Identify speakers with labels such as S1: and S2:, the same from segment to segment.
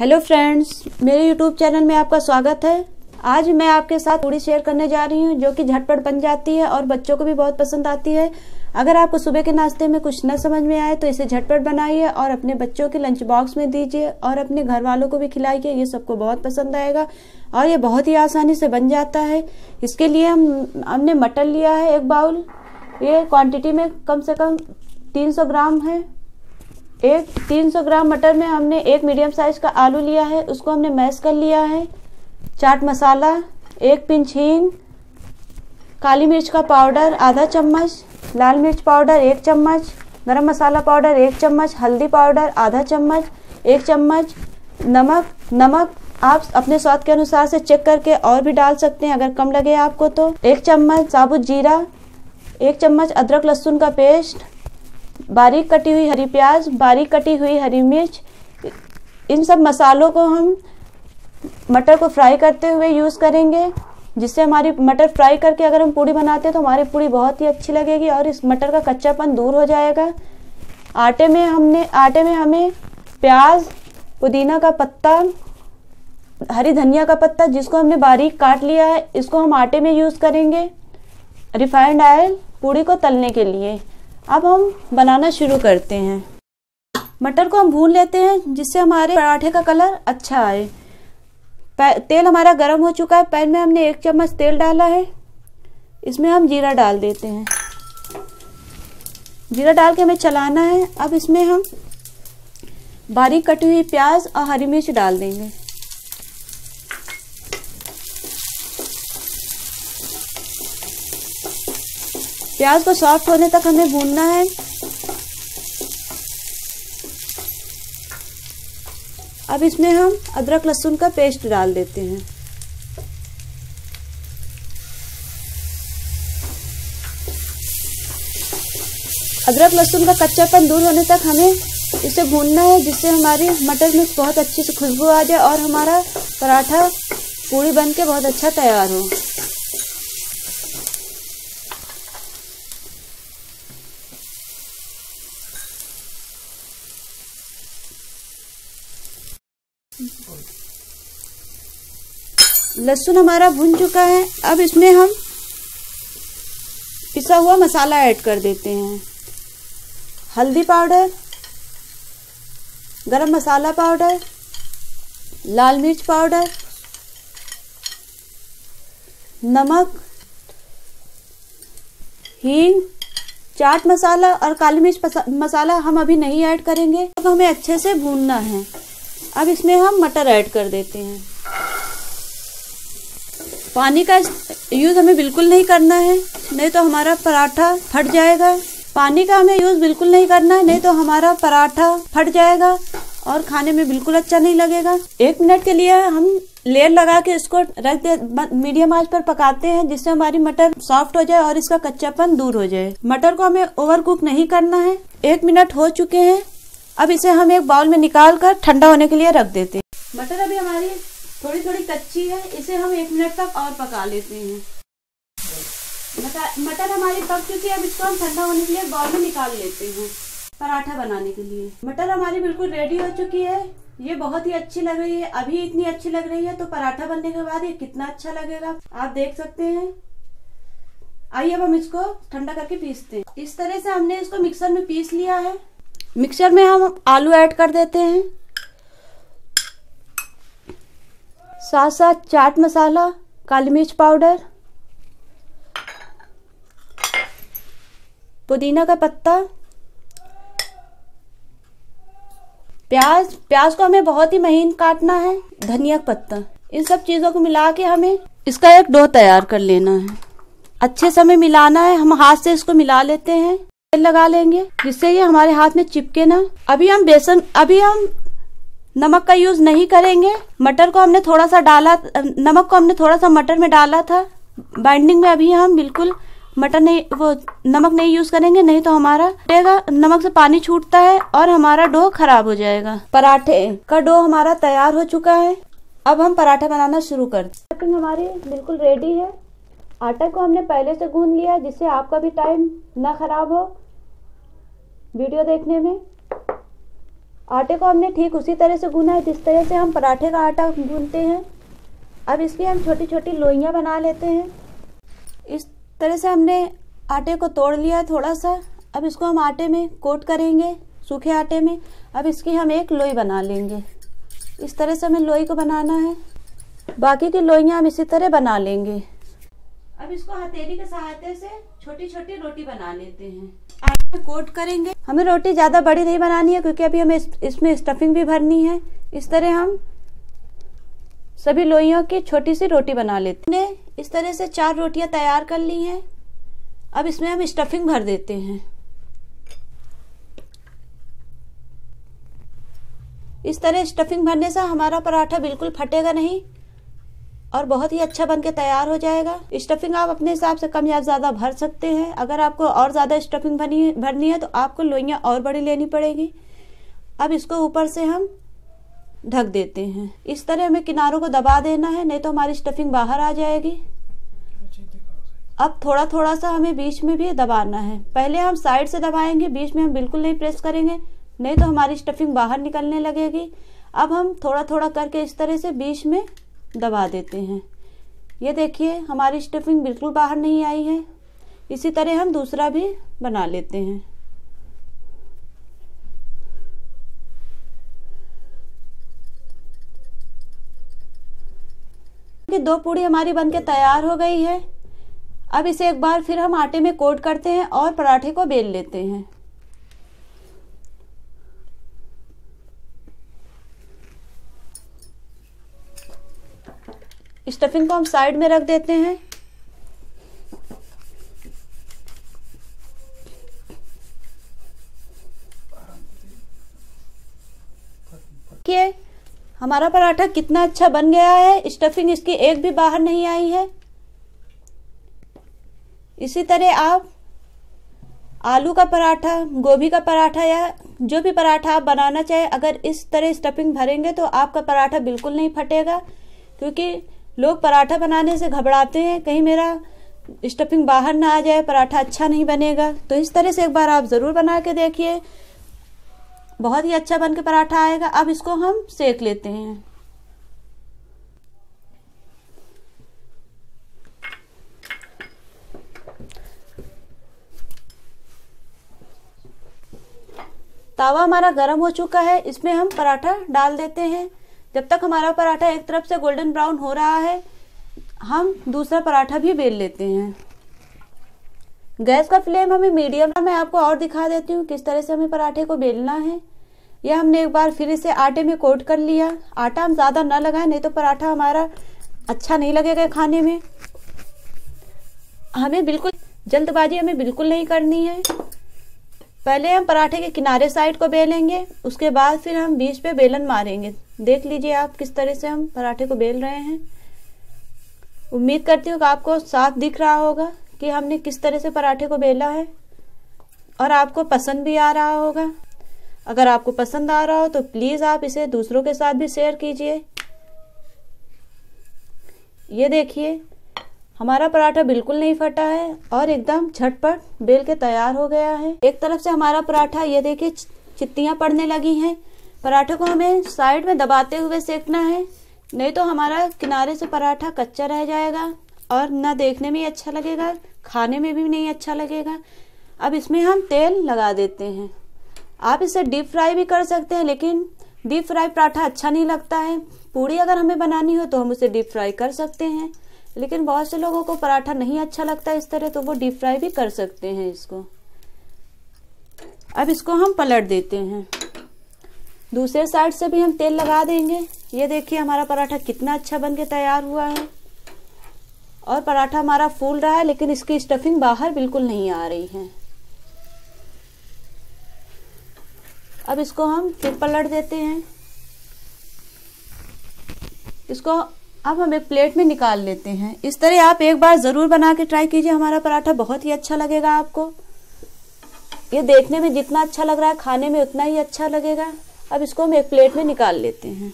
S1: hello friends मेरे YouTube channel में आपका स्वागत है आज मैं आपके साथ थोड़ी शेयर करने जा रही हूँ जो कि झटपट बन जाती है और बच्चों को भी बहुत पसंद आती है अगर आपको सुबह के नाश्ते में कुछ न समझ में आए तो इसे झटपट बनाइए और अपने बच्चों के लंच बॉक्स में दीजिए और अपने घर वालों को भी खिलाइए ये सबको बहुत पसंद आएगा और ये बहुत ही आसानी से बन जाता है इसके लिए हम हमने मटन लिया है एक बाउल ये क्वान्टिटी में कम से कम तीन ग्राम है एक 300 ग्राम मटर में हमने एक मीडियम साइज का आलू लिया है उसको हमने मैश कर लिया है चाट मसाला एक पिंच हींग काली मिर्च का पाउडर आधा चम्मच लाल मिर्च पाउडर एक चम्मच गरम मसाला पाउडर एक चम्मच हल्दी पाउडर आधा चम्मच एक चम्मच नमक नमक आप अपने स्वाद के अनुसार से चेक करके और भी डाल सकते हैं अगर कम लगे आपको तो एक चम्मच साबुत जीरा एक चम्मच अदरक लहसुन का पेस्ट बारीक कटी हुई हरी प्याज बारीक कटी हुई हरी मिर्च इन सब मसालों को हम मटर को फ्राई करते हुए यूज़ करेंगे जिससे हमारी मटर फ्राई करके अगर हम पूड़ी बनाते हैं तो हमारी पूड़ी बहुत ही अच्छी लगेगी और इस मटर का कच्चापन दूर हो जाएगा आटे में हमने आटे में हमें प्याज पुदीना का पत्ता हरी धनिया का पत्ता जिसको हमने बारीक काट लिया है इसको हम आटे में यूज़ करेंगे रिफाइंड ऑयल पूड़ी को तलने के लिए अब हम बनाना शुरू करते हैं मटर को हम भून लेते हैं जिससे हमारे पराठे का कलर अच्छा आए तेल हमारा गर्म हो चुका है पैन में हमने एक चम्मच तेल डाला है इसमें हम जीरा डाल देते हैं जीरा डाल के हमें चलाना है अब इसमें हम बारीक कटी हुई प्याज और हरी मिर्च डाल देंगे प्याज को सॉफ्ट होने तक हमें भूनना है अब इसमें हम अदरक लहसुन का पेस्ट डाल देते हैं अदरक लहसुन का कच्चापन दूर होने तक हमें इसे भूनना है जिससे हमारी मटर में बहुत अच्छी से खुशबू आ जाए और हमारा पराठा पूरी बन के बहुत अच्छा तैयार हो लहसुन हमारा भुन चुका है अब इसमें हम पिसा हुआ मसाला ऐड कर देते हैं हल्दी पाउडर गरम मसाला पाउडर लाल मिर्च पाउडर नमक हींग चाट मसाला और काली मिर्च मसाला हम अभी नहीं ऐड करेंगे अब हमें अच्छे से भूनना है अब इसमें हम मटर ऐड कर देते हैं पानी का यूज़ हमें बिल्कुल नहीं करना है नहीं तो हमारा पराठा फट जाएगा पानी का हमें यूज़ बिल्कुल नहीं करना है नहीं तो हमारा पराठा फट जाएगा और खाने में बिल्कुल अच्छा नहीं लगेगा एक मिनट के लिए हम लेयर लगा के इसको रख दे मीडियम आंच पर पकाते हैं जिससे हमारी मटर सॉफ्ट हो जाए और इसका कच्चापन दूर हो जाए मटर को हमें ओवर कुक नहीं करना है एक मिनट हो चुके हैं अब इसे हम एक बाउल में निकाल कर ठंडा होने के लिए रख देते हैं मटर अभी हमारी थोड़ी थोड़ी कच्ची है इसे हम एक मिनट तक और पका लेते हैं मटर हमारी पक चुकी है अब इसको हम ठंडा होने के लिए बॉल में निकाल लेते हैं पराठा बनाने के लिए मटर हमारी बिल्कुल रेडी हो चुकी है ये बहुत ही अच्छी लग रही है अभी इतनी अच्छी लग रही है तो पराठा बनने के बाद ये कितना अच्छा लगेगा आप देख सकते हैं आइए अब हम इसको ठंडा करके पीसते हैं इस तरह से हमने इसको मिक्सर में पीस लिया है मिक्सर में हम आलू ऐड कर देते हैं साथ साथ चाट मसाला काली मिर्च पाउडर पुदीना का पत्ता प्याज प्याज को हमें बहुत ही महीन काटना है धनिया पत्ता इन सब चीज़ों को मिला के हमें इसका एक डो तैयार कर लेना है अच्छे से हमें मिलाना है हम हाथ से इसको मिला लेते हैं तेल लगा लेंगे जिससे ये हमारे हाथ में चिपके ना अभी हम बेसन अभी हम नमक का यूज नहीं करेंगे मटर को हमने थोड़ा सा डाला नमक को हमने थोड़ा सा मटर में डाला था बाइंडिंग में अभी हम बिल्कुल मटर नहीं वो नमक नहीं यूज करेंगे नहीं तो हमारा टेगा नमक से पानी छूटता है और हमारा डो खराब हो जाएगा पराठे का डो हमारा तैयार हो चुका है अब हम पराठा बनाना शुरू कर स्टफिंग हमारी बिल्कुल रेडी है आटा को हमने पहले से गूंद लिया जिससे आपका भी टाइम ना खराब हो वीडियो देखने में आटे को हमने ठीक उसी तरह से गूना है जिस तरह से हम पराठे का आटा गूनते हैं अब इसकी हम छोटी छोटी लोइयाँ बना लेते हैं इस तरह से हमने आटे को तोड़ लिया थोड़ा सा अब इसको हम आटे में कोट करेंगे सूखे आटे में अब इसकी हम एक लोई बना लेंगे इस तरह से हमें लोई को बनाना है बाकी की लोइयाँ हम इसी तरह बना लेंगे अब इसको हथेली के सहायता से छोटी छोटी रोटी बना लेते हैं कोट करेंगे हमें रोटी ज़्यादा बड़ी नहीं बनानी है क्योंकि अभी हमें इस, इसमें स्टफिंग भी भरनी है इस तरह हम सभी लोहियों की छोटी सी रोटी बना लेते हैं इस तरह से चार रोटियां तैयार कर ली हैं अब इसमें हम स्टफिंग भर देते हैं इस तरह स्टफिंग भरने से हमारा पराठा बिल्कुल फटेगा नहीं और बहुत ही अच्छा बन के तैयार हो जाएगा स्टफिंग आप अपने हिसाब से कम या ज्यादा भर सकते हैं अगर आपको और ज्यादा स्टफिंग भरनी भरनी है तो आपको लोइयाँ और बड़ी लेनी पड़ेगी अब इसको ऊपर से हम ढक देते हैं इस तरह हमें किनारों को दबा देना है नहीं तो हमारी स्टफिंग बाहर आ जाएगी अब थोड़ा थोड़ा सा हमें बीच में भी दबाना है पहले हम साइड से दबाएंगे बीच में हम बिल्कुल नहीं प्रेस करेंगे नहीं तो हमारी स्टफिंग बाहर निकलने लगेगी अब हम थोड़ा थोड़ा करके इस तरह से बीच में दबा देते हैं ये देखिए हमारी स्टफिंग बिल्कुल बाहर नहीं आई है इसी तरह हम दूसरा भी बना लेते हैं कि दो पूड़ी हमारी बनके तैयार हो गई है अब इसे एक बार फिर हम आटे में कोट करते हैं और पराठे को बेल लेते हैं स्टफिंग को हम साइड में रख देते हैं हमारा पराठा कितना अच्छा बन गया है स्टफिंग इसकी एक भी बाहर नहीं आई है इसी तरह आप आलू का पराठा गोभी का पराठा या जो भी पराठा आप बनाना चाहे अगर इस तरह स्टफिंग भरेंगे तो आपका पराठा बिल्कुल नहीं फटेगा क्योंकि लोग पराठा बनाने से घबराते हैं कहीं मेरा स्टफिंग बाहर ना आ जाए पराठा अच्छा नहीं बनेगा तो इस तरह से एक बार आप ज़रूर बना के देखिए बहुत ही अच्छा बन के पराठा आएगा अब इसको हम सेक लेते हैं तावा हमारा गर्म हो चुका है इसमें हम पराठा डाल देते हैं जब तक हमारा पराठा एक तरफ से गोल्डन ब्राउन हो रहा है हम दूसरा पराठा भी बेल लेते हैं गैस का फ्लेम हमें मीडियम मैं आपको और दिखा देती हूँ किस तरह से हमें पराठे को बेलना है यह हमने एक बार फिर इसे आटे में कोट कर लिया आटा हम ज़्यादा ना लगाए नहीं तो पराठा हमारा अच्छा नहीं लगेगा खाने में हमें बिल्कुल जल्दबाजी हमें बिल्कुल नहीं करनी है पहले हम पराठे के किनारे साइड को बेलेंगे उसके बाद फिर हम बीच पे बेलन मारेंगे देख लीजिए आप किस तरह से हम पराठे को बेल रहे हैं उम्मीद करती हूँ कि आपको साफ दिख रहा होगा कि हमने किस तरह से पराठे को बेला है और आपको पसंद भी आ रहा होगा अगर आपको पसंद आ रहा हो तो प्लीज़ आप इसे दूसरों के साथ भी शेयर कीजिए ये देखिए हमारा पराठा बिल्कुल नहीं फटा है और एकदम झटपट बेल के तैयार हो गया है एक तरफ से हमारा पराठा ये देखिए चित्तियाँ पड़ने लगी हैं पराठे को हमें साइड में दबाते हुए सेकना है नहीं तो हमारा किनारे से पराठा कच्चा रह जाएगा और ना देखने में अच्छा लगेगा खाने में भी नहीं अच्छा लगेगा अब इसमें हम तेल लगा देते हैं आप इसे डीप फ्राई भी कर सकते हैं लेकिन डीप फ्राई पराठा अच्छा नहीं लगता है पूड़ी अगर हमें बनानी हो तो हम उसे डीप फ्राई कर सकते हैं लेकिन बहुत से लोगों को पराठा नहीं अच्छा लगता इस तरह तो वो डीप फ्राई भी कर सकते हैं इसको अब इसको हम पलट देते हैं दूसरे साइड से भी हम तेल लगा देंगे ये देखिए हमारा पराठा कितना अच्छा बन के तैयार हुआ है और पराठा हमारा फूल रहा है लेकिन इसकी स्टफिंग बाहर बिल्कुल नहीं आ रही है अब इसको हम फिर पलट देते हैं इसको अब हम एक प्लेट में निकाल लेते हैं इस तरह आप एक बार ज़रूर बना के ट्राई कीजिए हमारा पराठा बहुत ही अच्छा लगेगा आपको ये देखने में जितना अच्छा लग रहा है खाने में उतना ही अच्छा लगेगा अब इसको हम एक प्लेट में निकाल लेते हैं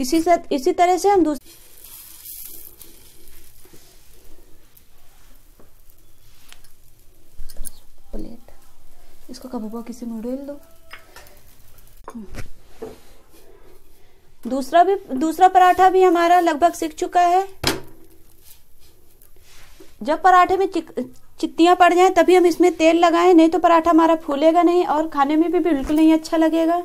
S1: इसी तरह से हम दूसरे इसको कबूबा किसी में उड़ेल दो दूसरा भी दूसरा पराठा भी हमारा लगभग सीख चुका है जब पराठे में चित्तियां पड़ जाएं तभी हम इसमें तेल लगाएं नहीं तो पराठा हमारा फूलेगा नहीं और खाने में भी बिल्कुल नहीं अच्छा लगेगा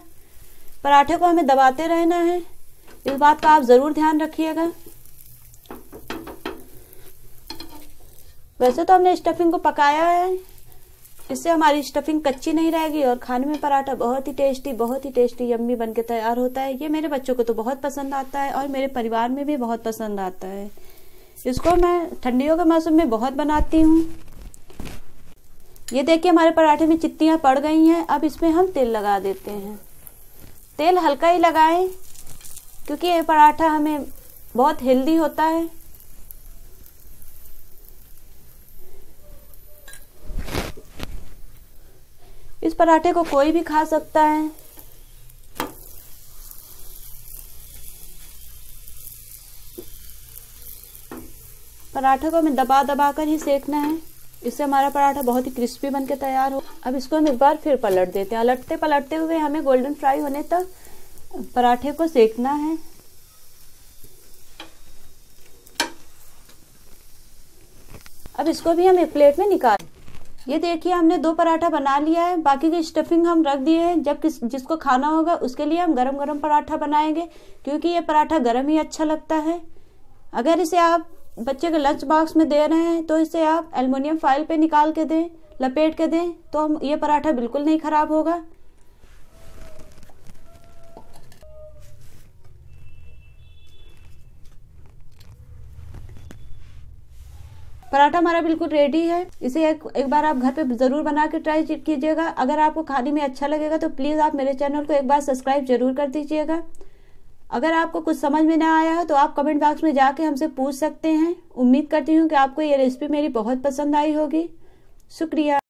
S1: पराठे को हमें दबाते रहना है इस बात का आप ज़रूर ध्यान रखिएगा वैसे तो हमने स्टफिंग को पकाया है इससे हमारी स्टफिंग कच्ची नहीं रहेगी और खाने में पराठा बहुत ही टेस्टी बहुत ही टेस्टी यम्मी के तैयार होता है ये मेरे बच्चों को तो बहुत पसंद आता है और मेरे परिवार में भी बहुत पसंद आता है इसको मैं ठंडियों के मौसम में बहुत बनाती हूँ ये देखिए हमारे पराठे में चित्तियाँ पड़ गई हैं अब इसमें हम तेल लगा देते हैं तेल हल्का ही लगाएं क्योंकि ये पराठा हमें बहुत हेल्दी होता है इस पराठे को कोई भी खा सकता है पराठे को हमें दबा दबा कर ही सेकना है इससे हमारा पराठा बहुत ही क्रिस्पी बन के तैयार हो अब इसको हम एक बार फिर पलट देते हैं पलटते पलटते हुए हमें गोल्डन फ्राई होने तक पराठे को सेकना है अब इसको भी हम एक प्लेट में निकाल ये देखिए हमने दो पराठा बना लिया है बाकी की स्टफिंग हम रख दिए हैं जब किस जिसको खाना होगा उसके लिए हम गरम गरम पराठा बनाएंगे क्योंकि ये पराठा गरम ही अच्छा लगता है अगर इसे आप बच्चे के लंच बॉक्स में दे रहे हैं तो इसे आप एलमिनियम फाइल पे निकाल के दें लपेट के दें तो हम ये पराठा बिल्कुल नहीं ख़राब होगा पराठा हमारा बिल्कुल रेडी है इसे एक, एक बार आप घर पे जरूर बना के ट्राई कीजिएगा अगर आपको खाने में अच्छा लगेगा तो प्लीज़ आप मेरे चैनल को एक बार सब्सक्राइब जरूर कर दीजिएगा अगर आपको कुछ समझ में ना आया हो तो आप कमेंट बॉक्स में जाके हमसे पूछ सकते हैं उम्मीद करती हूँ कि आपको ये रेसिपी मेरी बहुत पसंद आई होगी शुक्रिया